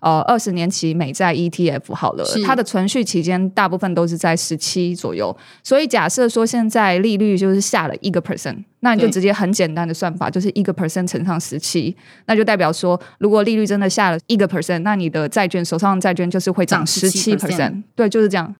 呃，二十年期美債 ETF 好了，是它的存續期間大部分都是在十七左右。所以假設說現在利率就是下了一個 percent，那你就直接很簡單的算法，對就是一個 percent 乘上十七，那就代表說如果利率真的下了一個 percent，那你的債券手上的債券就是會漲十七 percent，對，就是這樣。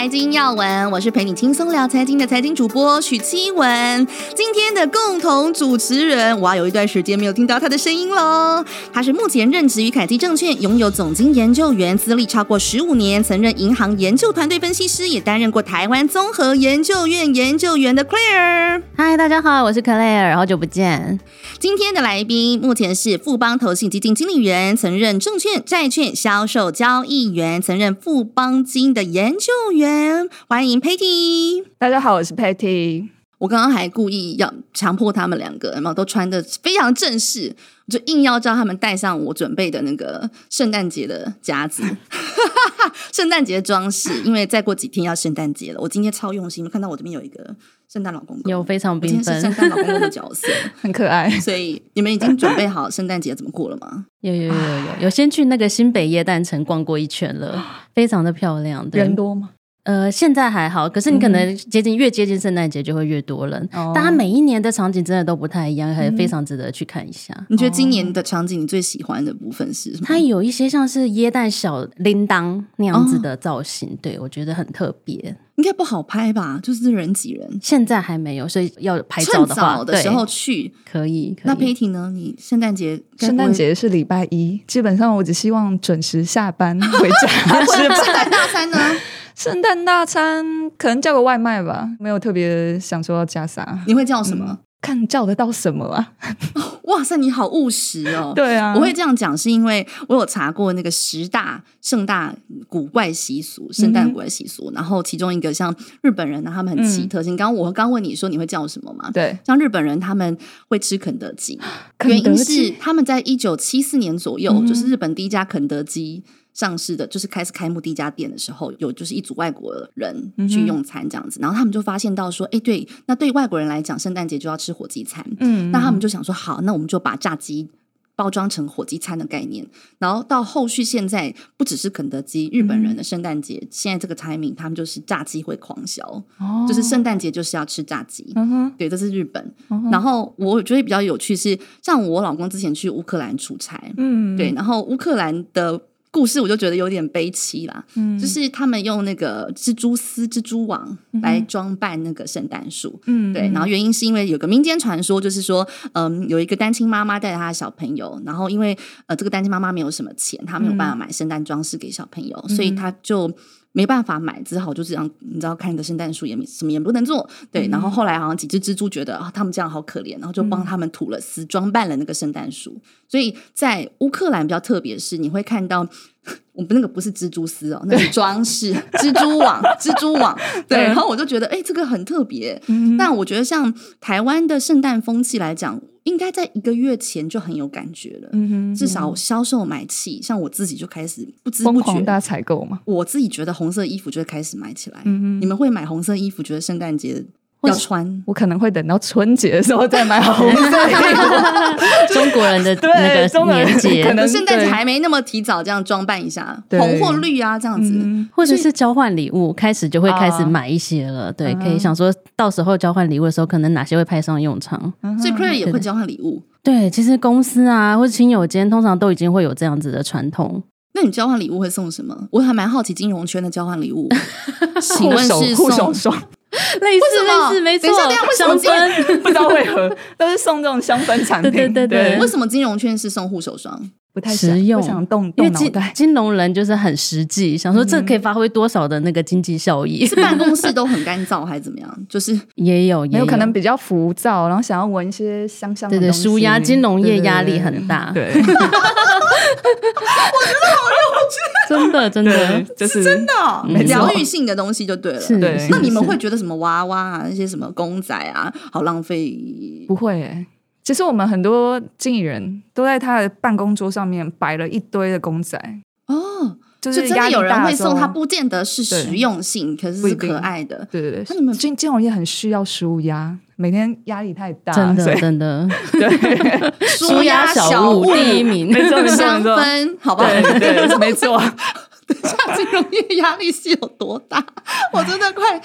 財經要聞，我是陪你輕鬆聊財經的財經主播許娸雯。今天的共同主持人，我要有一段時間沒有聽到他的聲音了。他是目前任職於凱基證券，擁有總經研究員資歷超過十五年，曾任銀行研究團隊分析師，也擔任過台灣綜合研究院研究員的 Claire。嗨，大家好，我是 Claire，好久不見。今天的來賓目前是富邦投信基金經理員，曾任證券債券銷售交易員，曾任富邦金的研究員。歡迎 Patty，大家好，我是 Patty。我剛剛還故意要強迫他們兩個，然後都穿的非常正式，就硬要叫他們帶上我準備的那個聖誕節的夾子， 聖誕節的裝飾。因為再過幾天要聖誕節了，我今天超用心，你們看到我這邊有一個聖誕老公公，有非常繽紛聖誕老公公的角色， 很可愛。所以你們已經準備好聖誕節怎麼過了嗎？有有有有有，有先去那個新北耶誕城逛過一圈了，非常的漂亮。人多嗎？呃，現在還好，可是你可能接近越接近聖誕節就會越多人。大家每一年的場景真的都不太一樣，還非常值得去看一下。你覺得今年的場景你最喜歡的部分是什麼？它有一些像是耶誕小鈴鐺那樣子的造型，對，我覺得很特別。應該不好拍吧？就是人擠人。現在還沒有，所以要拍照的話，趁早的時候去可以。那 Patty 呢？你聖誕節聖誕節是禮拜一，基本上我只希望準時下班回家。是不？聖誕大餐呢？聖誕大餐可能叫個外賣吧，沒有特別想說要加啥。你會叫什麼？嗯、看你叫得到什麼啊 、哦！哇塞，你好務實哦。對啊，我會這樣講是因為我有查過那個十大聖誕古怪習俗，聖誕古怪習俗，嗯、然後其中一個像日本人呢，他們很奇特性。剛剛、嗯、我剛問你說你會叫什麼嘛？對，像日本人他們會吃肯德基，肯德基，原因是他們在一九七四年左右、嗯、就是日本第一家肯德基。上市的就是開始開幕第一家店的時候，有就是一組外國人去用餐這樣子，嗯嗯，然後他們就發現到說，哎、欸，對，那對外國人來講，聖誕節就要吃火雞餐，嗯，嗯，那他們就想說，好，那我們就把炸雞包裝成火雞餐的概念，然後到後續現在不只是肯德基，日本人的聖誕節現在這個 timing，他們就是炸雞會狂銷，哦、就是聖誕節就是要吃炸雞，嗯、哼對，這是日本。嗯、哼然後我覺得比較有趣是，像我老公之前去烏克蘭出差，嗯，對，然後烏克蘭的。故事我就覺得有點悲淒啦，嗯、就是他們用那個蜘蛛絲、蜘蛛網來裝扮那個聖誕樹，嗯哼，對。然後原因是因為有個民間傳說，就是說，嗯，有一個單親媽媽帶着她的小朋友，然後因為呃這個單親媽媽沒有什麼錢，她沒有辦法買聖誕裝飾給小朋友，嗯、哼所以她就。沒辦法買，只好就是這樣。你知道，看個聖誕樹也沒什麼也不能做，對。嗯、然後後來好像幾隻蜘蛛覺得啊、哦，他們這樣好可憐，然後就幫他們吐了絲，嗯、裝扮了那個聖誕樹。所以在烏克蘭比較特別的是，你會看到。 我們那個不是蜘蛛絲哦、喔，那是裝飾蜘蛛網， 蜘蛛網。對，然後我就覺得，哎、欸，這個很特別、欸。但、嗯、哼我覺得，像台灣的聖誕風氣來講，應該在一個月前就很有感覺了。嗯哼，至少銷售買氣，像我自己就開始不知不覺大家採購嘛。我自己覺得紅色衣服就會開始買起來。嗯哼你們會買紅色衣服，覺得聖誕節？會穿，我可能會等到春節的時候再買好。中國人的那個年節，可能現在你還沒那麼提早這樣裝扮一下，紅或綠啊，這樣子，或者是交換禮物，開始就會開始買一些了。對，可以想說到時候交換禮物的時候，可能哪些會派上用場？所以 Cray 也會交換禮物。對，其實公司啊，或者親友間，通常都已經會有這樣子的傳統。那你交換禮物會送什麼？我還蠻好奇金融圈的交換禮物。請問是送？類似類似沒錯，香氛不知道為何都是送這種香氛產品。對對對，為什麼金融圈是送護手霜？不太實用，想動動腦袋。因為金，金融人就是很實際，想說這可以發揮多少的那個經濟效益。是辦公室都很乾燥還是怎麼樣？就是也有，也有可能比較浮躁，然後想要聞一些香香的。對對，舒壓，金融業壓力很大。對。 我覺得好幼稚， 真的真的就是，是真的療、喔、癒錯性的東西就對了。是對，那你們會覺得什麼娃娃啊，那些什麼公仔啊，好浪費？不會，其實我們很多經理人都在他的辦公桌上面擺了一堆的公仔哦，就是就真的有人會送他，不見得是實用性，對可是是可愛的。對對對，那，啊、你們金金融業很需要食物呀。每天壓力太大，真的真的，對舒壓小物第一名香氛。沒錯沒錯沒錯，好吧，對沒錯，等下金融業壓力是有多大？我真的快，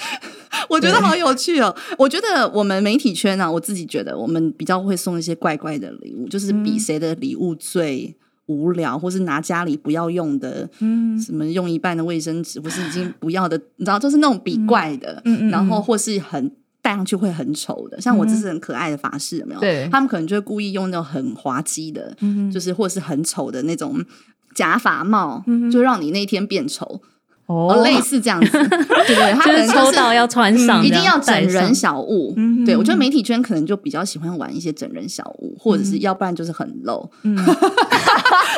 我覺得好有趣哦。我覺得我們媒體圈呢，我自己覺得我們比較會送一些怪怪的禮物，就是比誰的禮物最無聊，或是拿家裡不要用的，嗯，什麼用一半的衛生紙，或是已經不要的，你知道，就是那種比怪的，然後或是很。戴上去會很醜的，像我這是很可愛的法式，有沒有？對，他們可能就會故意用那種很滑稽的，嗯、哼就是或者是很醜的那種假髮帽，嗯、哼就讓你那天變醜。哦，oh, 類似這樣子， 對不對，對？他們就是抽到要穿上，嗯、一定要整人小物。對，我覺得媒體圈可能就比較喜歡玩一些整人小物，嗯、或者是要不然就是很露。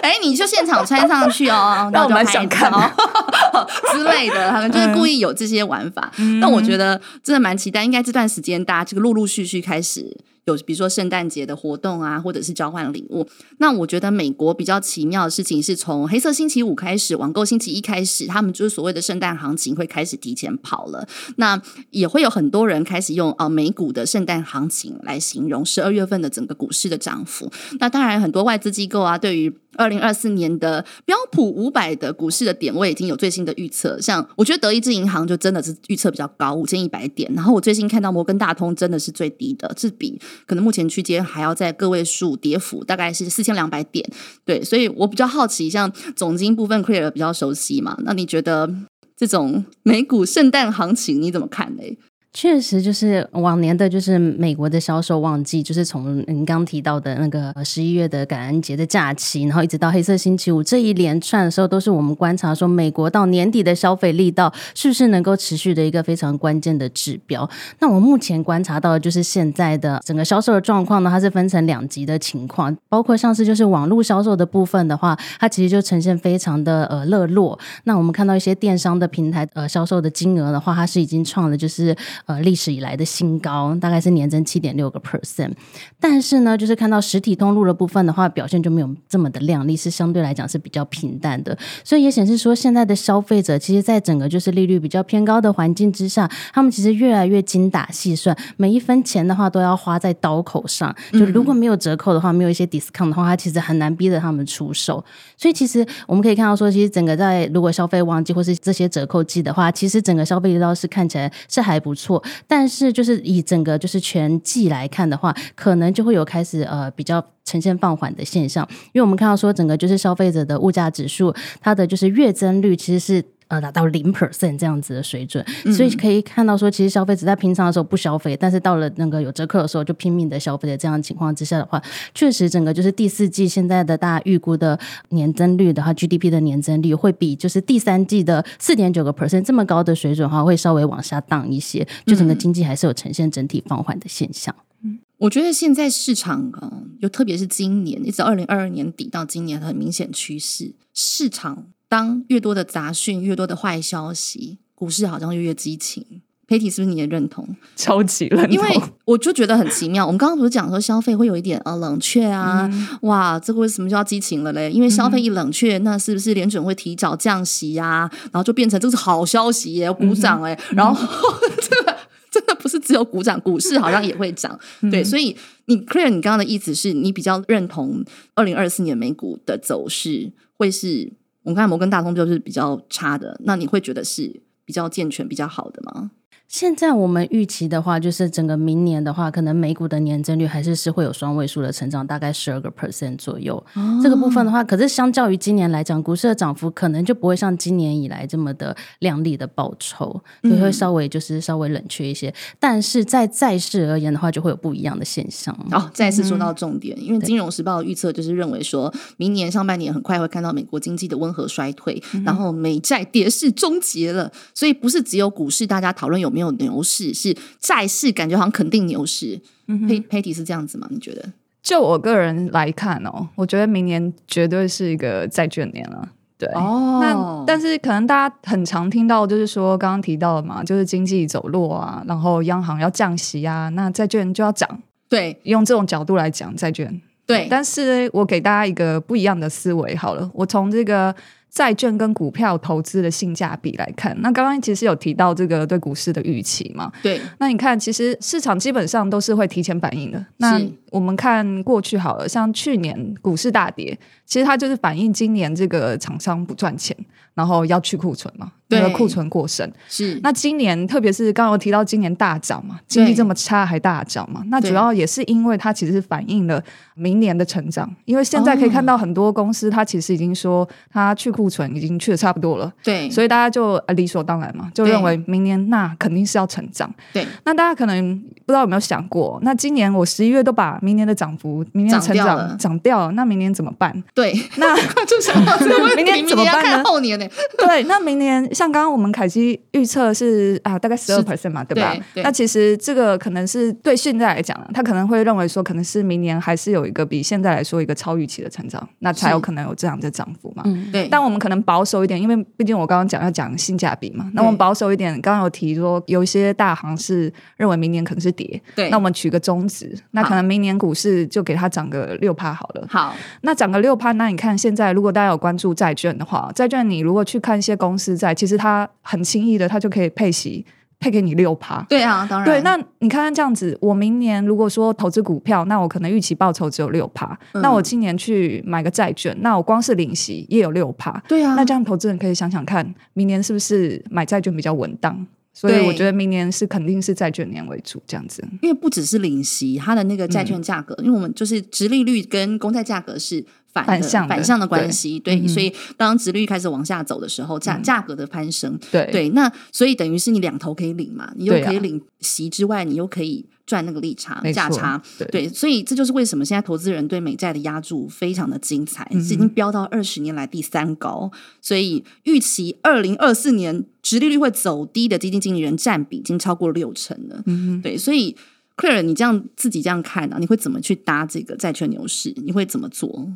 哎，你就現場穿上去哦， 那我們想看哦， 之類的，他們就是故意有這些玩法。嗯、但我覺得真的蠻期待，應該這段時間大家這個陸陸續續開始。有比如說聖誕節的活動啊，或者是交換禮物。那我覺得美國比較奇妙的事情是從黑色星期五開始，網購星期一開始，他們就是所謂的聖誕行情會開始提前跑了。那也會有很多人開始用啊美股的聖誕行情來形容十二月份的整個股市的漲幅。那當然，很多外資機構啊對於。二零二四年的標普五百的股市的點位已經有最新的預測，像我覺得德意志銀行就真的是預測比較高，五千一百點。然後我最近看到摩根大通真的是最低的，是比可能目前區間還要在個位數跌幅，大概是四千兩百點。對，所以我比較好奇，像總經部分，Clara 比較熟悉嘛？那你覺得這種美股聖誕行情你怎麼看嘞？確實，就是往年的就是美國的銷售旺季，就是從你剛剛提到的那個十一月的感恩節的假期，然後一直到黑色星期五這一連串的時候，都是我們觀察說美國到年底的消費力道是不是能夠持續的一個非常關鍵的指標。那我們目前觀察到的就是現在的整個銷售的狀況呢，它是分成兩極的情況，包括上次就是網絡銷售的部分的話，它其實就呈現非常的呃熱絡。那我們看到一些電商的平台呃銷售的金額的話，它是已經創了就是。呃，歷史以來的新高，大概是年增七點六個 percent。但是呢，就是看到實體通路的部分的話，表現就沒有這麼的亮麗，是相對來講是比較平淡的。所以也顯示說，現在的消費者其實，在整個就是利率比較偏高的環境之下，他們其實越來越精打細算，每一分錢的話都要花在刀口上。就如果沒有折扣的話，沒有一些 discount 的話，它其實很難逼得他們出手。所以其實我們可以看到說，其實整個在如果消費旺季或是這些折扣季的話，其實整個消費力道是看起來是還不錯。但是，就是以整個就是全季來看的話，可能就會有開始呃比較呈現放緩的現象，因為我們看到說整個就是消費者的物價指數，它的就是月增率其實是，呃，達到零 percent 這樣子的水準，嗯、所以可以看到說，其實消費者在平常的時候不消費，但是到了那個有折扣的時候就拼命的消費的這樣的情況之下的話，確實整個就是第四季現在的大家預估的年增率的話，G D P 的年增率會比就是第三季的四點九個 percent 這麼高的水準的話，會稍微往下 down 一些，就整個經濟還是有呈現整體放緩的現象。嗯，我覺得現在市場啊，又、呃、特別是今年，一直二零二二年底到今年，很明顯趨勢市場。當越多的雜訊，越多的壞消息，股市好像就越，越激情。Patty 是不是你也認同？超級認同。因為我就覺得很奇妙。 我們剛剛不是講說消費會有一點呃冷卻啊？嗯、哇，這個為什麼就要激情了嘞？因為消費一冷卻，嗯、那是不是聯準會提早降息啊？然後就變成這是好消息，欸，要鼓掌哎。嗯、哼然後、嗯、 真的真的不是只有鼓掌，股市好像也會漲。嗯、對，所以你 Clear，你剛剛的意思是你比較認同二零二四年美股的走勢會是？我們看摩根大通就是比較差的，那你會覺得是比較健全，比較好的嗎？現在我們預期的話，就是整個明年的話，可能美股的年增率還是是會有雙位數的成長，大概十二個 percent 左右。哦、這個部分的話，可是相較於今年來講，股市的漲幅可能就不會像今年以來這麼的亮麗的報酬，就、嗯、會稍微就是稍微冷卻一些。但是在債市而言的話，就會有不一樣的現象。好，再次說到重點，嗯、因為《金融時報》的預測就是認為說，說明年上半年很快會看到美國經濟的溫和衰退，嗯、然後美債跌勢終結了，所以不是只有股市大家討論有。沒有牛市是債市，感覺好像肯定牛市。嗯哼，Patty 是這樣子嗎？你覺得？就我個人來看哦，我覺得明年絕對是一個債券年了。對哦，那但是可能大家很常聽到，就是說剛剛提到的嘛，就是經濟走弱啊，然後央行要降息啊，那債券就要漲。對，用這種角度來講債券，對。但是我給大家一個不一樣的思維，好了，我從這個。債券跟股票投資的性價比來看，那剛剛其實有提到這個對股市的預期嘛？對，那你看，其實市場基本上都是會提前反應的。是那我們看過去好了，像去年股市大跌，其實它就是反映今年這個廠商不賺錢，然後要去庫存嘛。那個庫存過剩是那今年，特別是剛剛提到今年大漲嘛，經濟這麼差還大漲嘛？對那主要也是因為它其實反映了明年的成長，因為現在可以看到很多公司，它其實已經說它去庫存已經去的差不多了，對，所以大家就理所當然嘛，就認為明年那肯定是要成長。對，那大家可能不知道有沒有想過，那今年我十一月都把明年的漲幅、明年的成長漲掉了、漲掉了，那明年怎麼辦？對，那就想到明年怎麼辦呢？明年要看後年欸？ 對，那明年。像剛剛我們凱基預測是啊，大概十二 percent 嘛，是對吧？對對，那其實這個可能是對現在來講，啊，他可能會認為說，可能是明年還是有一個比現在來說一個超預期的成長，是那才有可能有這樣的漲幅嘛。嗯、對，但我們可能保守一點，因為畢竟我剛剛講要講性價比嘛。那我們保守一點，對剛剛有提說有一些大行是認為明年可能是跌，對。那我們取個中值，好那可能明年股市就給它漲個六趴好了。好，那漲個六趴，那你看現在如果大家有關注債券的話，債券你如果去看一些公司債。其實他很輕易的，他就可以配息，配給你六趴。對啊，當然。對，那你看看這樣子，我明年如果說投資股票，那我可能預期報酬只有六趴。嗯、那我今年去買個債券，那我光是領息也有六趴。對啊，那這樣投資人可以想想看，明年是不是買債券比較穩當？所以我覺得明年是肯定是債券年為主這樣子，因為不只是領息，它的那個債券價格，嗯、因為我們就是殖利率跟公債價格是反，反向反向的關係，對，對，嗯嗯，所以當殖利率開始往下走的時候，價價、嗯、格的攀升，對對，那所以等於是你兩頭可以領嘛，你又可以領息之外，啊、你又可以。賺那個利差錯價差，對，對，所以這就是為什麼現在投資人對美債的押注非常的精彩，已經飆到二十年來第三高。嗯、哼所以預期二零二四年殖利率會走低的基金經理人占比已經超過六成了。嗯、哼對，所以 Clare，你這樣自己這樣看呢、啊，你會怎麼去搭這個債券牛市？你會怎麼做？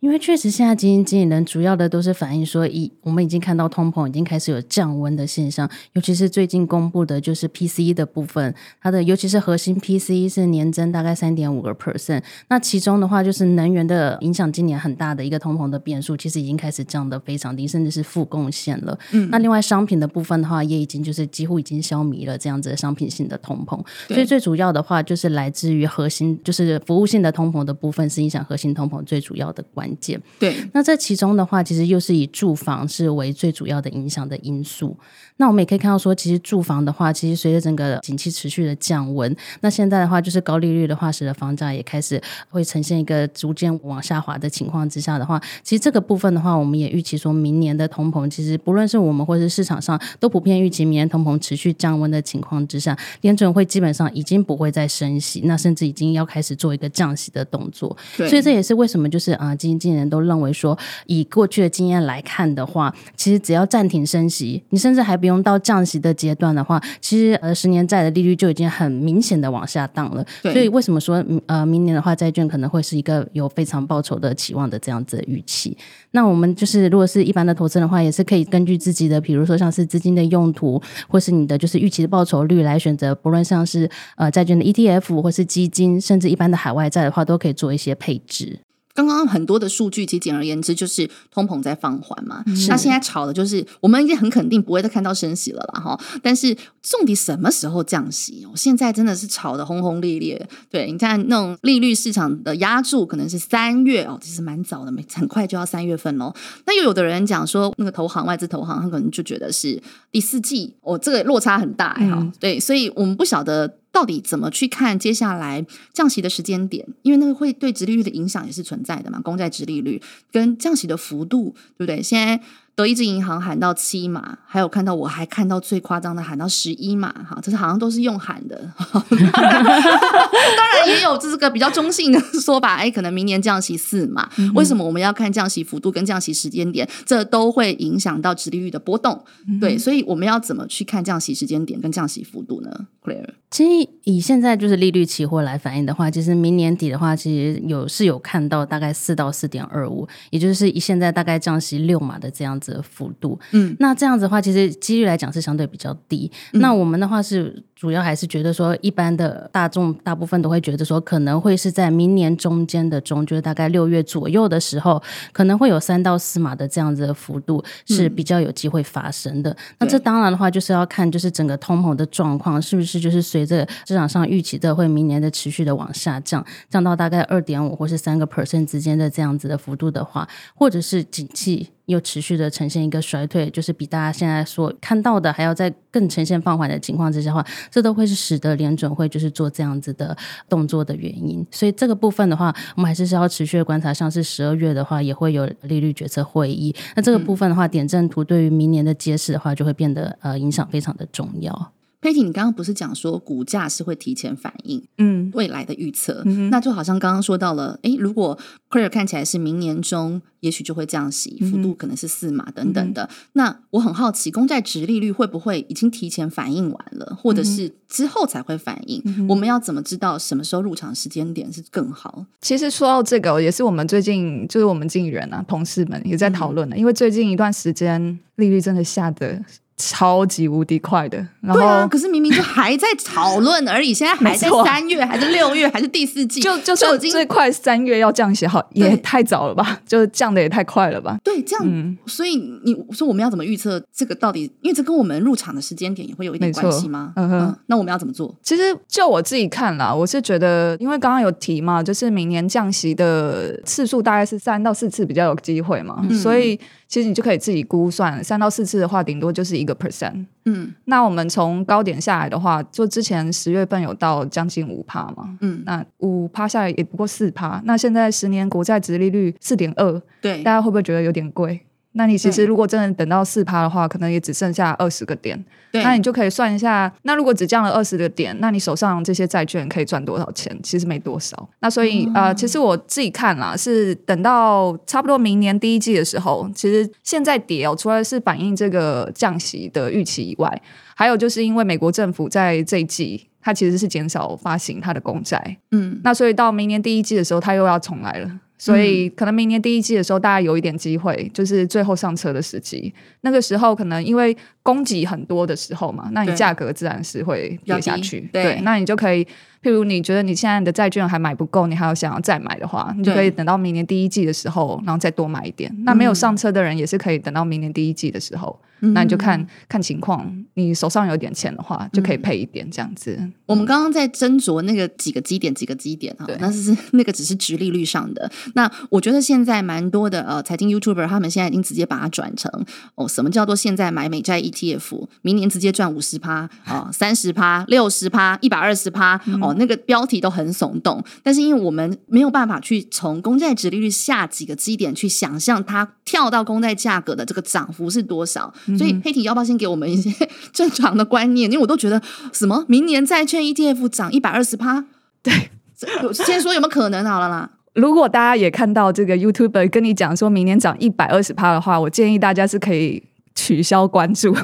因為確實，現在基金經理人主要的都是反映說，一，我們已經看到通膨已經開始有降溫的現象，尤其是最近公布的，就是 PCE 的部分，它的尤其是核心 PCE 是年增大概三點五個 percent。那其中的話，就是能源的影響，今年很大的一個通膨的變數，其實已經開始降得非常低，甚至是負貢獻了。嗯。那另外商品的部分的話，也已經就是幾乎已經消弭了這樣子的商品性的通膨。對所以最主要的話，就是來自於核心，就是服務性的通膨的部分，是影響核心通膨最主要的關係。件對，那這其中的話，其實又是以住房是為最主要的影響的因素。那我們也可以看到說，其實住房的話，其實隨着整個景氣持續的降溫，那現在的話就是高利率的話，使得房價也開始會呈現一個逐漸往下滑的情況之下的話，其實這個部分的話，我們也預期說明年的通膨，其實不論是我們或是市場上，都普遍預期明年通膨持續降溫的情況之下，聯準會基本上已經不會再升息，那甚至已經要開始做一個降息的動作。對所以這也是為什麼就是啊今。經理人都認為說，以過去的經驗來看的話，其實只要暫停升息，你甚至還不用到降息的階段的話，其實呃十年債的利率就已經很明顯的往下降了。對所以為什麼說呃明年的話，債券可能會是一個有非常報酬的期望的這樣子的預期？那我們就是如果是一般的投資的話，也是可以根據自己的，比如說像是資金的用途，或是你的就是預期的報酬率來選擇，不論像是呃債券的 ETF 或是基金，甚至一般的海外債的話，都可以做一些配置。剛剛很多的數據，其實簡而言之就是通膨在放緩嘛。是那現在炒的就是，我們已經很肯定不會再看到升息了啦，哈。但是，到底什麼時候降息？現在真的是炒得轟轟烈烈。對，你看那種利率市場的押注，可能是三月哦，其實蠻早的，沒很快就要三月份嘍。那又有的人講說，那個投行、外資投行，他可能就覺得是第四季。哦，這個落差很大哈、欸。嗯、對，所以我們不曉得。到底怎麼去看接下來降息的時間點？因為那個會對殖利率的影響也是存在的嘛，公債殖利率跟降息的幅度，對不對？現在。德意志銀行喊到七碼，還有看到我還看到最誇張的喊到十一碼哈，這是好像都是用喊的。 當然也有這個比較中性的說法，哎、欸，可能明年降息四碼。嗯嗯，為什麼我們要看降息幅度跟降息時間點？這都會影響到殖利率的波動。嗯嗯，對，所以我們要怎麼去看降息時間點跟降息幅度呢？Claire 其實以現在就是利率期貨來反映的話，其實明年底的話，其實有是有看到大概四到四點二五，也就是以現在大概降息六碼的這樣子的幅度，嗯，那這樣子的話，其實幾率來講是相對比較低。嗯、那我們的話是。主要還是覺得說，一般的大眾大部分都會覺得說，可能會是在明年中間的中，就是大概六月左右的時候，可能會有三到四碼的這樣子的幅度是比較有機會發生的。嗯、那這當然的話，就是要看就是整個通膨的狀況是不是就是隨着市場上預期的會明年的持續的往下降，降到大概二點五或是三個 percent 之間的這樣子的幅度的話，或者是景氣又持續的呈現一個衰退，就是比大家現在所看到的還要再。更呈現放緩的情況，之下，話，這都會是使得聯準會就是做這樣子的動作的原因。所以這個部分的話，我們還是需要持續的觀察。像是十二月的話，也會有利率決策會議。那這個部分的話，嗯、點陣圖對於明年的揭示的話，就會變得呃影響非常的重要。Patty 你剛剛不是講說股價是會提前反應，嗯，未來的預測，嗯、哼那就好像剛剛說到了，誒，如果 c r a r 看起來是明年中，也許就會降息，幅度可能是四碼、嗯、哼等等的。那我很好奇，公債殖利率會不會已經提前反應完了，或者是之後才會反應？嗯、哼我們要怎麼知道什麼時候入場時間點是更好？其實說到這個、哦，也是我們最近就是我們經理人啊同事們也在討論的，嗯、因為最近一段時間利率真的下得。超級無敵快的，對啊，可是明明就還在討論而已， 現在還在三月，啊、還是六月， 還是第四季？就就是最近最快三月要降息好，好對也太早了吧？就降得也太快了吧？對，這樣，嗯、所以你說我們要怎麼預測這個？到底因為這跟我們入場的時間點也會有一點關係嗎？嗯哼、嗯，那我們要怎麼做？其實就我自己看啦，我是覺得，因為剛剛有提嘛，就是明年降息的次數大概是三到四次比較有機會嘛，嗯、所以。其實你就可以自己估算了，三到四次的話，頂多就是一個 percent。嗯，那我們從高點下來的話，就之前十月份有到將近五趴嘛。嗯，那五趴下來也不過四趴。那現在十年國債殖利率四點二，對，大家會不會覺得有點貴？那你其實如果真的等到四趴的話，對可能也只剩下二十個點。對那你就可以算一下。那如果只降了二十個點，那你手上這些債券可以賺多少錢？其實沒多少。那所以、嗯、呃，其實我自己看啦，是等到差不多明年第一季的時候。其實現在跌哦，除了是反映這個降息的預期以外，還有就是因為美國政府在這一季，它其實是減少發行它的公債。嗯，那所以到明年第一季的時候，它又要重來了。所以，可能明年第一季的時候，大家有一點機會，就是最後上車的時機。那個時候，可能因為供給很多的時候嘛，那你價格自然是會跌下去。對。對，對，那你就可以。譬如你覺得你現在的債券還買不夠，你還要想要再買的話，你就可以等到明年第一季的時候，然後再多買一點。對那沒有上車的人也是可以等到明年第一季的時候，嗯、那你就看看情況，你手上有點錢的話，嗯、就可以配一點這樣子。我們剛剛在斟酌那個幾個基點，幾個基點啊，對那是那個只是殖利率上的。那我覺得現在蠻多的呃財經 YouTuber 他們現在已經直接把它轉成哦，什麼叫做現在買美債 ETF，明年直接賺五十趴啊，三十趴，六十趴，一百二十趴。哦、那個標題都很聳動，但是因為我們沒有辦法去從公債殖利率下幾個基點去想象它跳到公債價格的這個漲幅是多少，嗯、哼所以 Patty 要不要先給我們一些正常的觀念？因為我都覺得什麼明年債券 ETF 漲一百二十趴，對， 先說有沒有可能好了啦。如果大家也看到這個 YouTuber 跟你講說明年漲一百二十趴的話，我建議大家是可以取消關注。一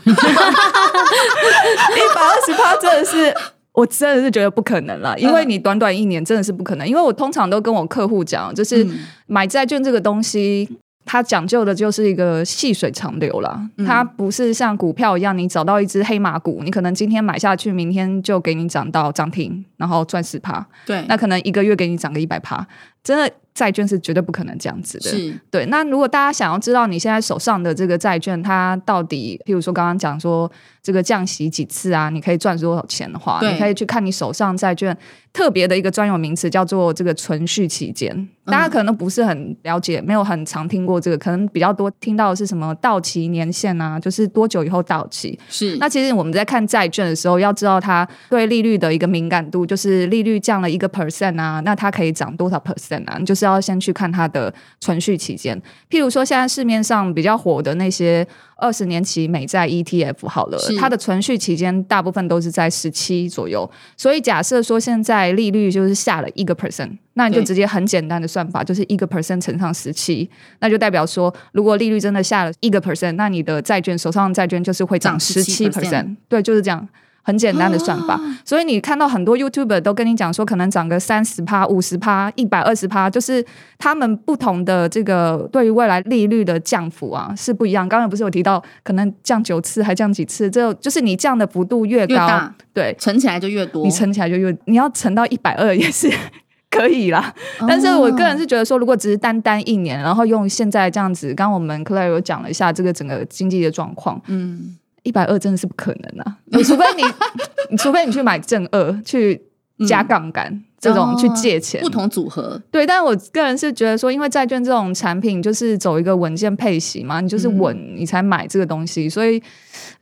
百二十趴真的是。我真的是覺得不可能啦，因為你短短一年真的是不可能。嗯、因為我通常都跟我客戶講，就是買債券這個東西，它講究的就是一個細水長流啦。嗯、它不是像股票一樣，你找到一隻黑馬股，你可能今天買下去，明天就給你漲到漲停，然後賺十趴。對，那可能一個月給你漲個一百趴。真的債券是絕對不可能這樣子的，是對。那如果大家想要知道你現在手上的這個債券它到底，譬如說剛剛講說這個降息幾次啊，你可以賺多少錢的話，對你可以去看你手上債券特別的一個專有名詞叫做這個存續期間，嗯、大家可能不是很了解，沒有很常聽過這個，可能比較多聽到的是什麼到期年限啊，就是多久以後到期。是。那其實我們在看債券的時候，要知道它對利率的一個敏感度，就是利率降了一個 percent 啊，那它可以漲多少 percent？就是要先去看它的存續期間。譬如說，現在市面上比較火的那些二十年期美債 ETF 好了，是它的存續期間大部分都是在十七左右。所以假設說現在利率就是下了一個 percent，那你就直接很簡單的算法，就是一個 percent 乘上十七對，那就代表說，如果利率真的下了一個 percent，那你的債券手上的債券就是會漲十七 percent。對，就是這樣。很簡單的算法，哦、所以你看到很多 YouTuber 都跟你講說，可能漲個三十趴、五十趴、一百二十趴，就是他們不同的這個對於未來利率的降幅啊是不一樣。剛才不是有提到，可能降九次還降幾次，這就是你降的幅度越高，越大對，存起來就越多，你存起來就越，你要存到一百二也是 可以啦。哦、但是我個人是覺得說，如果只是單單一年，然後用現在這樣子，剛我們 Claire 有講了一下這個整個經濟的狀況，嗯。一百二真的是不可能啊！你、 呃、除非你， 除非你去買正二，去。加槓桿、嗯、這種去借錢，不同組合對，但我個人是覺得說，因為債券這種產品就是走一個穩健配息嘛，你就是穩你才買這個東西，嗯、所以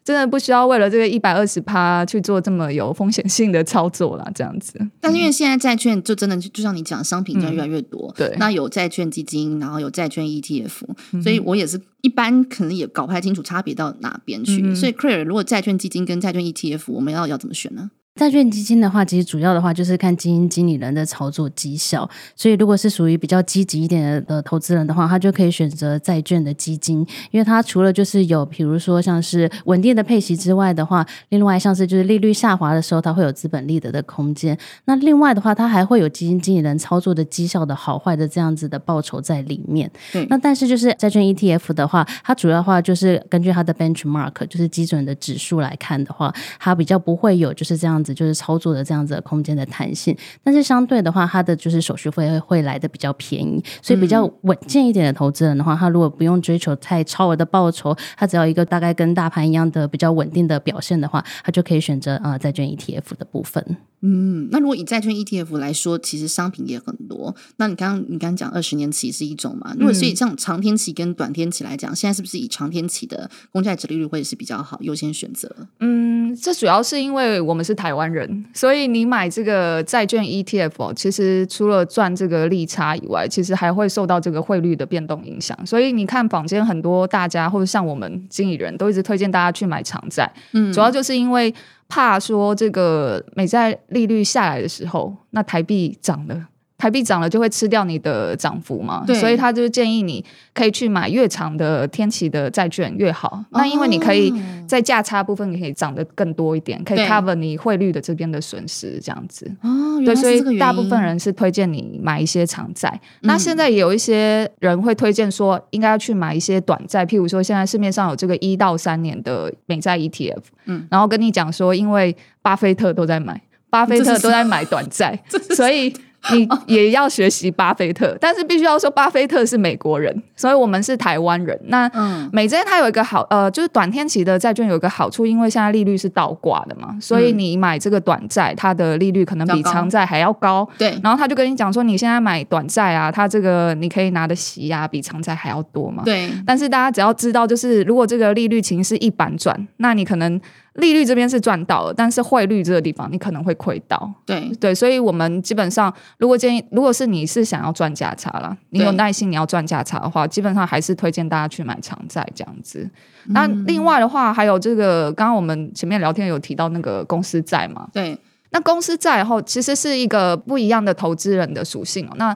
真的不需要為了這個一百二十趴去做這麼有風險性的操作啦。這樣子。但是因為現在債券就真的就像你講，商品就越來越多，嗯、對，那有債券基金，然後有債券 ETF，、嗯、哼所以我也是一般可能也搞不太清楚差別到哪邊去。嗯、哼所以，Clare，如果債券基金跟債券 ETF，我們要要怎麼選呢？債券基金的話，其實主要的話就是看基金經理人的操作績效。所以，如果是屬於比較積極一點的投資人的話，他就可以選擇債券的基金，因為它除了就是有，比如說像是穩定的配息之外的話，另外像是就是利率下滑的時候，它會有資本利得的空間。那另外的話，它還會有基金經理人操作的績效的好壞的這樣子的報酬在裡面。嗯，那但是就是債券 ETF 的話，它主要的話就是根據它的 benchmark，就是基準的指數來看的話，它比較不會有就是這樣。就是操作的這樣子的空間的彈性，但是相對的話，它的就是手續費會來的比較便宜，所以比較穩健一點的投資人的話，他如果不用追求太超額的報酬，他只要一個大概跟大盤一樣的比較穩定的表現的話，他就可以選擇啊債券 ETF 的部分。嗯，那如果以債券 ETF 來說，其實商品也很多。那你剛剛你剛剛講二十年期是一種嘛？如果是以像長天期跟短天期來講，現在是不是以長天期的公債殖利率會是比較好優先選擇？嗯，這主要是因為我們是台。台灣人，所以你買這個債券 ETF，哦，其實除了賺這個利差以外，其實還會受到這個匯率的變動影響。所以你看坊間很多大家，或者像我們經理人都一直推薦大家去買長債，嗯，主要就是因為怕說這個美債利率下來的時候，那台幣漲了。台幣漲了就會吃掉你的漲幅嘛，對所以他就建議你可以去買越長的天期的債券越好。哦、那因為你可以在價差部分，你可以漲得更多一點，對可以 cover 你匯率的這邊的損失這樣子。哦，原來是這個原因。對，所以大部分人是推薦你買一些長債。嗯、那現在也有一些人會推薦說，應該要去買一些短債，譬如說現在市面上有這個一到三年的美債 ETF，嗯，然後跟你講說，因為巴菲特都在買，巴菲特都在買短債， 所以。你也要學習巴菲特， 但是必須要說巴菲特是美國人，所以我們是台灣人。那美債它有一個好，呃，就是短天期的債券有一個好處，因為現在利率是倒掛的嘛，所以你買這個短債，它的利率可能比長債還要高。嗯、高對，然後他就跟你講說，你現在買短債啊，它這個你可以拿的息啊，比長債還要多嘛。對，但是大家只要知道，就是如果這個利率情是一反轉，那你可能。利率這邊是賺到了，但是匯率這個地方你可能會虧到。對對，所以我們基本上如果建議，如果是你是想要賺價差啦，你有耐心你要賺價差的話，對基本上還是推薦大家去買長債這樣子。那另外的話，嗯、還有這個剛剛我們前面聊天有提到那個公司債嘛？對。那公司債後其實是一個不一樣的投資人的屬性、哦、那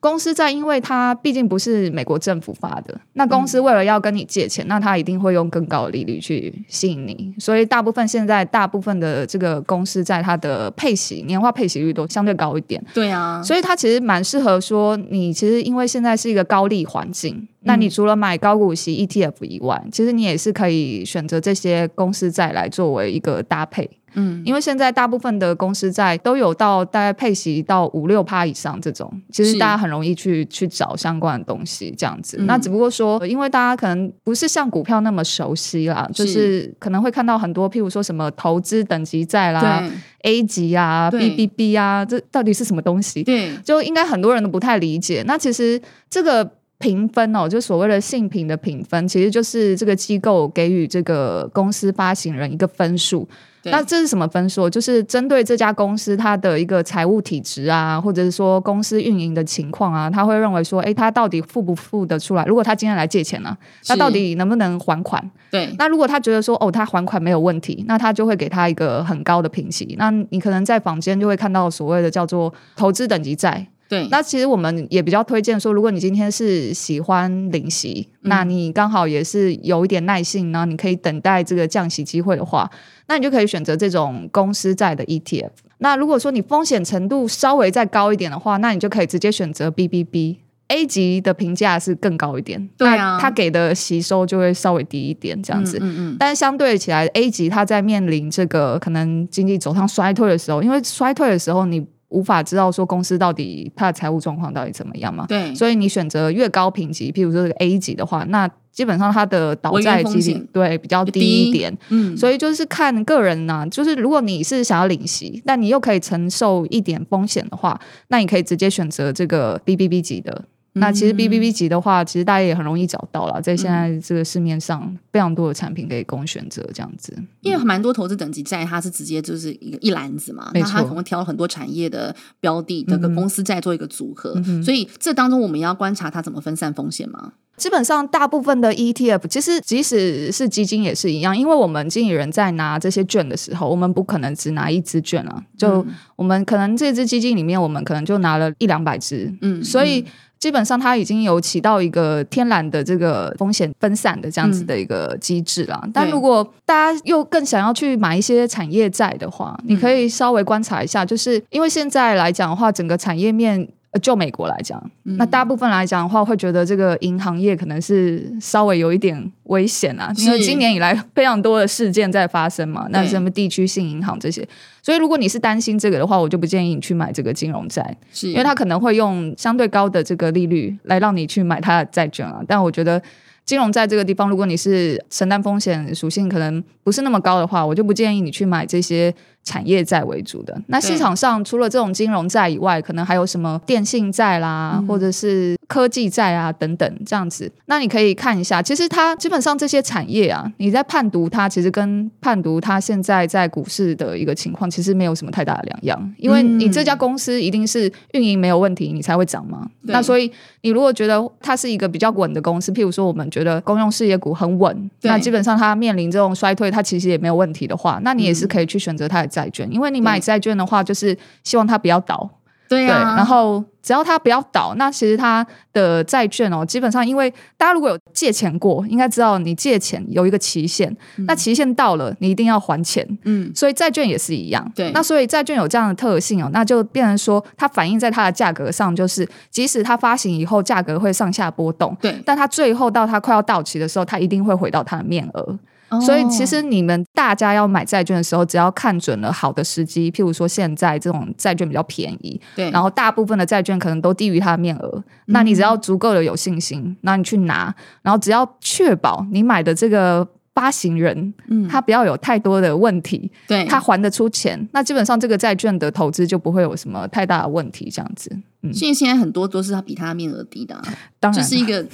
公司債，因為它畢竟不是美國政府發的，那公司為了要跟你借錢，嗯、那它一定會用更高的利率去吸引你。所以大部分現在大部分的這個公司債，它的配息年化配息率都相對高一點。對啊，所以它其實蠻適合說，你其實因為現在是一個高利環境，嗯、那你除了買高股息 ETF 以外，其實你也是可以選擇這些公司債來作為一個搭配。嗯，因為現在大部分的公司債都有到大概配息到五六趴以上這種，其實大家很容易去是去找相關的東西這樣子。嗯、那只不過說，因為大家可能不是像股票那麼熟悉啦，是就是可能會看到很多，譬如說什麼投資等級債啦對，A 級啊對，BBB 啊，這到底是什麼東西？對，就應該很多人都不太理解。那其實這個評分哦，就所謂的信評的評分，其實就是這個機構給予這個公司發行人一個分數。那這是什麼分數？就是針對這家公司它的一個財務體質啊，或者是說公司運營的情況啊，他會認為說，哎、欸，他到底付不付得出來？如果他今天來借錢了、啊，那到底能不能還款？對，那如果他覺得說，哦，他還款沒有問題，那他就會給他一個很高的評級。那你可能在坊間就會看到所謂的叫做投資等級債。對，那其實我們也比較推薦說，如果你今天是喜歡領息，嗯、那你剛好也是有一點耐性呢，你可以等待這個降息機會的話，那你就可以選擇這種公司債的 ETF。那如果說你風險程度稍微再高一點的話，那你就可以直接選擇 BBB A 級的評價是更高一點，對啊，它給的息收就會稍微低一點這樣子。嗯嗯，嗯嗯但是相對起來，A 級它在面臨這個可能經濟走向衰退的時候，因為衰退的時候你。無法知道說公司到底它的財務狀況到底怎麼樣嘛？對，所以你選擇越高評級，譬如說這個 A 級的話，那基本上它的倒債基金對比較低一點。嗯，所以就是看個人呢、啊，就是如果你是想要領息，但你又可以承受一點風險的話，那你可以直接選擇這個 BBB 級的。那其實 B B B 級的話，嗯嗯，其實大家也很容易找到了，在現在這個市面上非常多的產品可以供選擇，這樣子。嗯、因為蠻多投資等級債，它是直接就是一個一籃子嘛，沒錯、那它可能挑很多產業的標的，嗯、這個公司在做一個組合，嗯嗯，所以這當中我們要觀察它怎麼分散風險嗎？基本上大部分的 E T F，其實即使是基金也是一樣，因為我們經理人在拿這些券的時候，我們不可能只拿一只券啊，就我們可能這支基金裡面，我們可能就拿了一兩百只，嗯，所以。嗯基本上它已經有起到一個天然的這個風險分散的這樣子的一個機製了。但如果大家又更想要去買一些產業債的話，你可以稍微觀察一下，就是因為現在來講的話，整個產業面。就美國來講，那大部分來講的話，會覺得這個銀行業可能是稍微有一點危險啊，是因為今年以來非常多的事件在發生嘛。那什麼地區性銀行這些，對所以如果你是擔心這個的話，我就不建議你去買這個金融債，是因為它可能會用相對高的這個利率來讓你去買它的債券啊。但我覺得金融債這個地方，如果你是承擔風險屬性可能不是那麼高的話，我就不建議你去買這些。產業債為主的，那市場上，除了這種金融債以外，對可能還有什麼電信債啦，嗯、或者是科技債啊等等這樣子。那你可以看一下，其實它基本上這些產業啊，你在判讀它，其實跟判讀它現在在股市的一個情況，其實沒有什麼太大的兩樣。因為你這家公司一定是運營沒有問題，你才會漲嘛。嗯、那所以你如果覺得它是一個比較穩的公司，譬如說我們覺得公用事業股很穩，對那基本上它面臨這種衰退，它其實也沒有問題的話，那你也是可以去選擇它，債券，因為你買債券的話，就是希望它不要倒，對呀、啊。然後只要它不要倒，那其實它的債券哦、喔，基本上因為大家如果有借錢過，應該知道你借錢有一個期限，嗯、那期限到了，你一定要還錢，嗯。所以債券也是一樣，對。那所以債券有這樣的特性哦、喔，那就變成說，它反映在它的價格上，就是即使它發行以後價格會上下波動，對。但它最後到它快要到期的時候，它一定會回到它的面額。所以，其實你們大家要買債券的時候，只要看準了好的時機，譬如說現在這種債券比較便宜，對，然後大部分的債券可能都低於它的面額，那你只要足夠的有信心，嗯、那你去拿，然後只要確保你買的這個。發行人，嗯，他不要有太多的問題，對，他還得出錢，那基本上這個債券的投資就不會有什麼太大的問題，這樣子。嗯，所以現在很多都是他比他面額低的，當然，這是一個，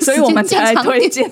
所以我們才推薦，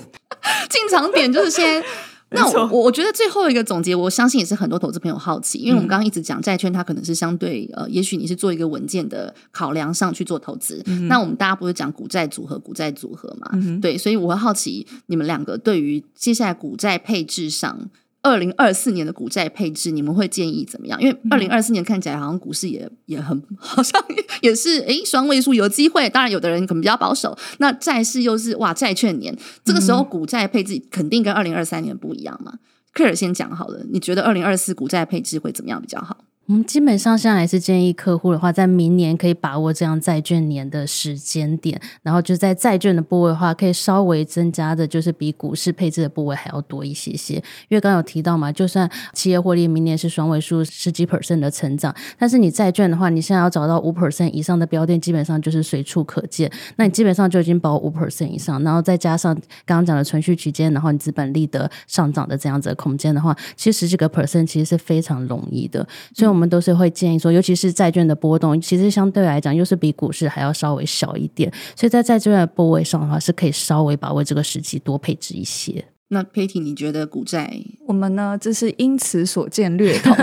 進場點，進場點就是先。 那我我覺得最後一個總結，我相信也是很多投資朋友好奇，因為我們剛剛一直講債券，它可能是相對、嗯、呃，也許你是做一個穩健的考量上去做投資。嗯、那我們大家不是講股債組合、股債組合嘛？嗯、哼對，所以我會好奇你們兩個對於接下來股債配置上。二零二四年的股債配置，你們會建議怎麼樣？因為二零二四年看起來好像股市也、嗯、也很，好像也是誒雙、欸、位數有機會。當然，有的人可能比較保守。那債市又是哇債券年，這個時候股債配置肯定跟二零二三年不一樣嘛。克爾、嗯、先講好了，你覺得二零二四股債配置會怎麼樣比較好？我們、嗯、基本上現在還是建議客戶的話，在明年可以把握這樣債券年的時間點，然後就在債券的部位的話，可以稍微增加的，就是比股市配置的部位還要多一些些。因為剛剛有提到嘛，就算企業獲利明年是雙位數十幾 percent 的成長，但是你債券的話，你現在要找到五 percent 以上的標的，基本上就是隨處可見。那你基本上就已經保五 percent 以上，然後再加上剛剛講的存續期間，然後你資本利得上漲的這樣子的空間的話，其實十幾個 percent 其實是非常容易的。所以我們、嗯。我們都是會建議說，尤其是債券的波動，其實相對來講又是比股市還要稍微小一點，所以在債券的部位上的話，是可以稍微把握這個時機多配置一些。那 Patty，你覺得股債？我們呢？這是因此所見略同。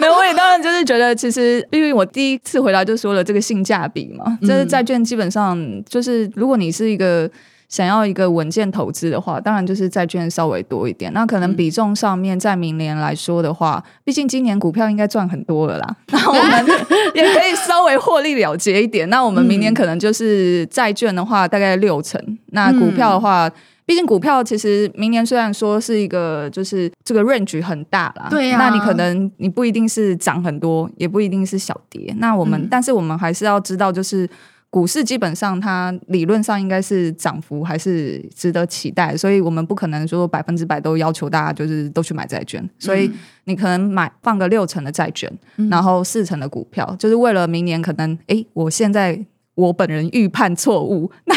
那我也當然就是覺得，其實因為我第一次回來就說了這個性價比嘛，就是債券基本上就是如果你是一個。想要一個穩健投資的話，當然就是債券稍微多一點。那可能比重上面，嗯、在明年來說的話，畢竟今年股票應該賺很多了啦。那我們也可以稍微獲利了結一點。那我們明年可能就是債券的話大概六成，那股票的話，嗯、畢竟股票其實明年雖然說是一個就是這個 range 很大啦。對呀、啊。那你可能你不一定是漲很多，也不一定是小跌。那我們、嗯、但是我們還是要知道就是。股市基本上，它理論上應該是漲幅還是值得期待，所以我們不可能說百分之百都要求大家就是都去買債券。嗯、所以你可能買放個六成的債券，嗯、然後四成的股票，就是為了明年可能誒、欸，我現在我本人預判錯誤，那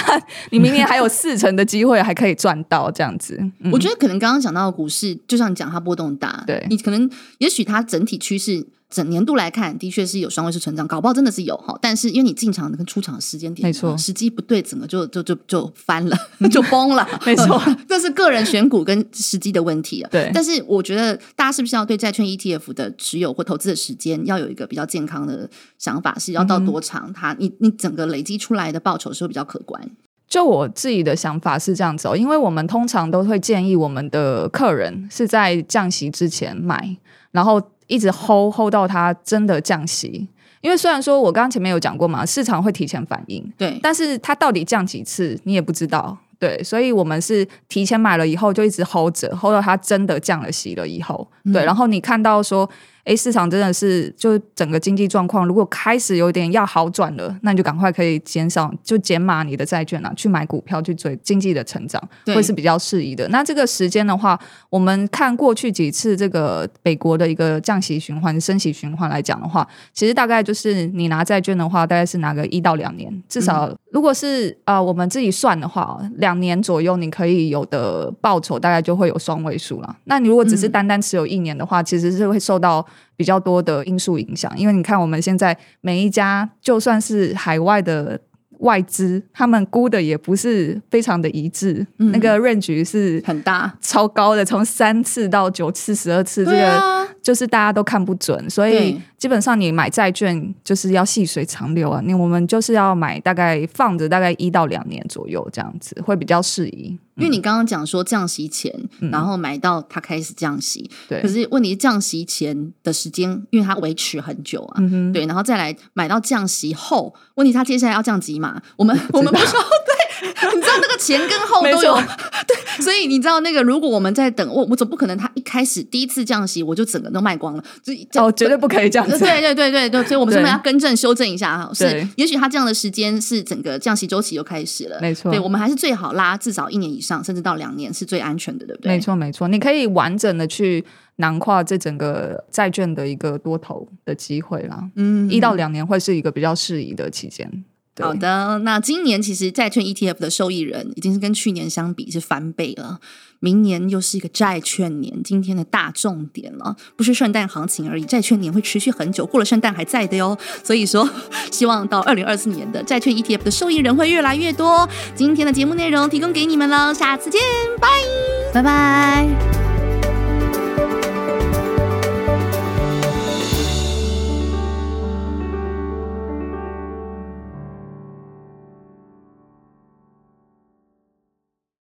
你明年還有四成的機會還可以賺到這樣子。嗯、我覺得可能剛剛講到的股市，就像你講它波動大，對你可能也許它整體趨勢。整年度來看，的確是有雙位數成長，搞不好真的是有哈。但是因為你進場跟出場的時間點，沒錯錯，時機不對，整個就就就就翻了， 就崩了， 沒錯、啊,這是個人選股跟時機的問題啊。對，但是我覺得大家是不是要對債券 ETF 的持有或投資的時間要有一個比較健康的想法，是要到多長它，它、嗯、哼你你整個累積出來的報酬是會比較可觀。就我自己的想法是這樣子，因為我們通常都會建議我們的客人是在降息之前買，然後。一直 hold hold 到它真的降息，因為雖然說我剛剛前面有講過嘛，市場會提前反應，對，但是它到底降幾次你也不知道，對，所以我們是提前買了以後就一直 hold 着，hold 到它真的降了息了以後，對，嗯、然後你看到說。哎，市場真的是，就整個經濟狀況，如果開始有點要好轉了，那你就趕快可以減少，就減碼你的債券啦、啊，去買股票去追經濟的成長，對會是比較適宜的。那這個時間的話，我們看過去幾次這個美國的一個降息循環、升息循環來講的話，其實大概就是你拿債券的話，大概是拿個一到兩年，至少、嗯、如果是啊、呃，我們自己算的話，兩年左右你可以有的報酬大概就會有雙位數了。那你如果只是單單持有一年的話，嗯、其實是會受到。比較多的因素影響，因為你看我們現在每一家，就算是海外的外資，他們估的也不是非常的一致。嗯、那個 range 是很大，超高的，從大三次到九次、十二次，這個、啊、就是大家都看不準，所以基本上你買債券就是要細水長流啊。你我們就是要買大概放着，大概一到兩年左右這樣子會比較適宜。因為你剛剛講說降息前，嗯、然後買到它開始降息，對、嗯。可是問題是降息前的時間，對因為它維持很久啊，嗯、哼對。然後再來買到降息後，問題它接下來要降息嘛？我們我，我們不說。對。 你知道那個前跟後都有，沒錯 對，所以你知道那個，如果我們在等我、哦，我總不可能他一開始第一次降息我就整個都賣光了，就這、哦、絕對不可以這樣。對對對對對，所以我們現在要更正修正一下啊，對 是，對 也許他這樣的時間是整個降息週期又開始了，沒錯錯。對，我們還是最好拉至少一年以上，甚至到兩年是最安全的，對不對？沒錯沒錯，你可以完整的去囊括這整個債券的一個多頭的機會啦，嗯哼，一到兩年會是一個比較適宜的期間。對好的，那今年其實債券 ETF 的受益人已經是跟去年相比是翻倍了。明年又是一個債券年，今天的大重點了，不是聖誕行情而已，債券年會持續很久，過了聖誕還在的喲。所以說，希望到二零二四年的債券 ETF 的受益人會越來越多。今天的節目內容提供給你們嘍，下次見，拜拜拜。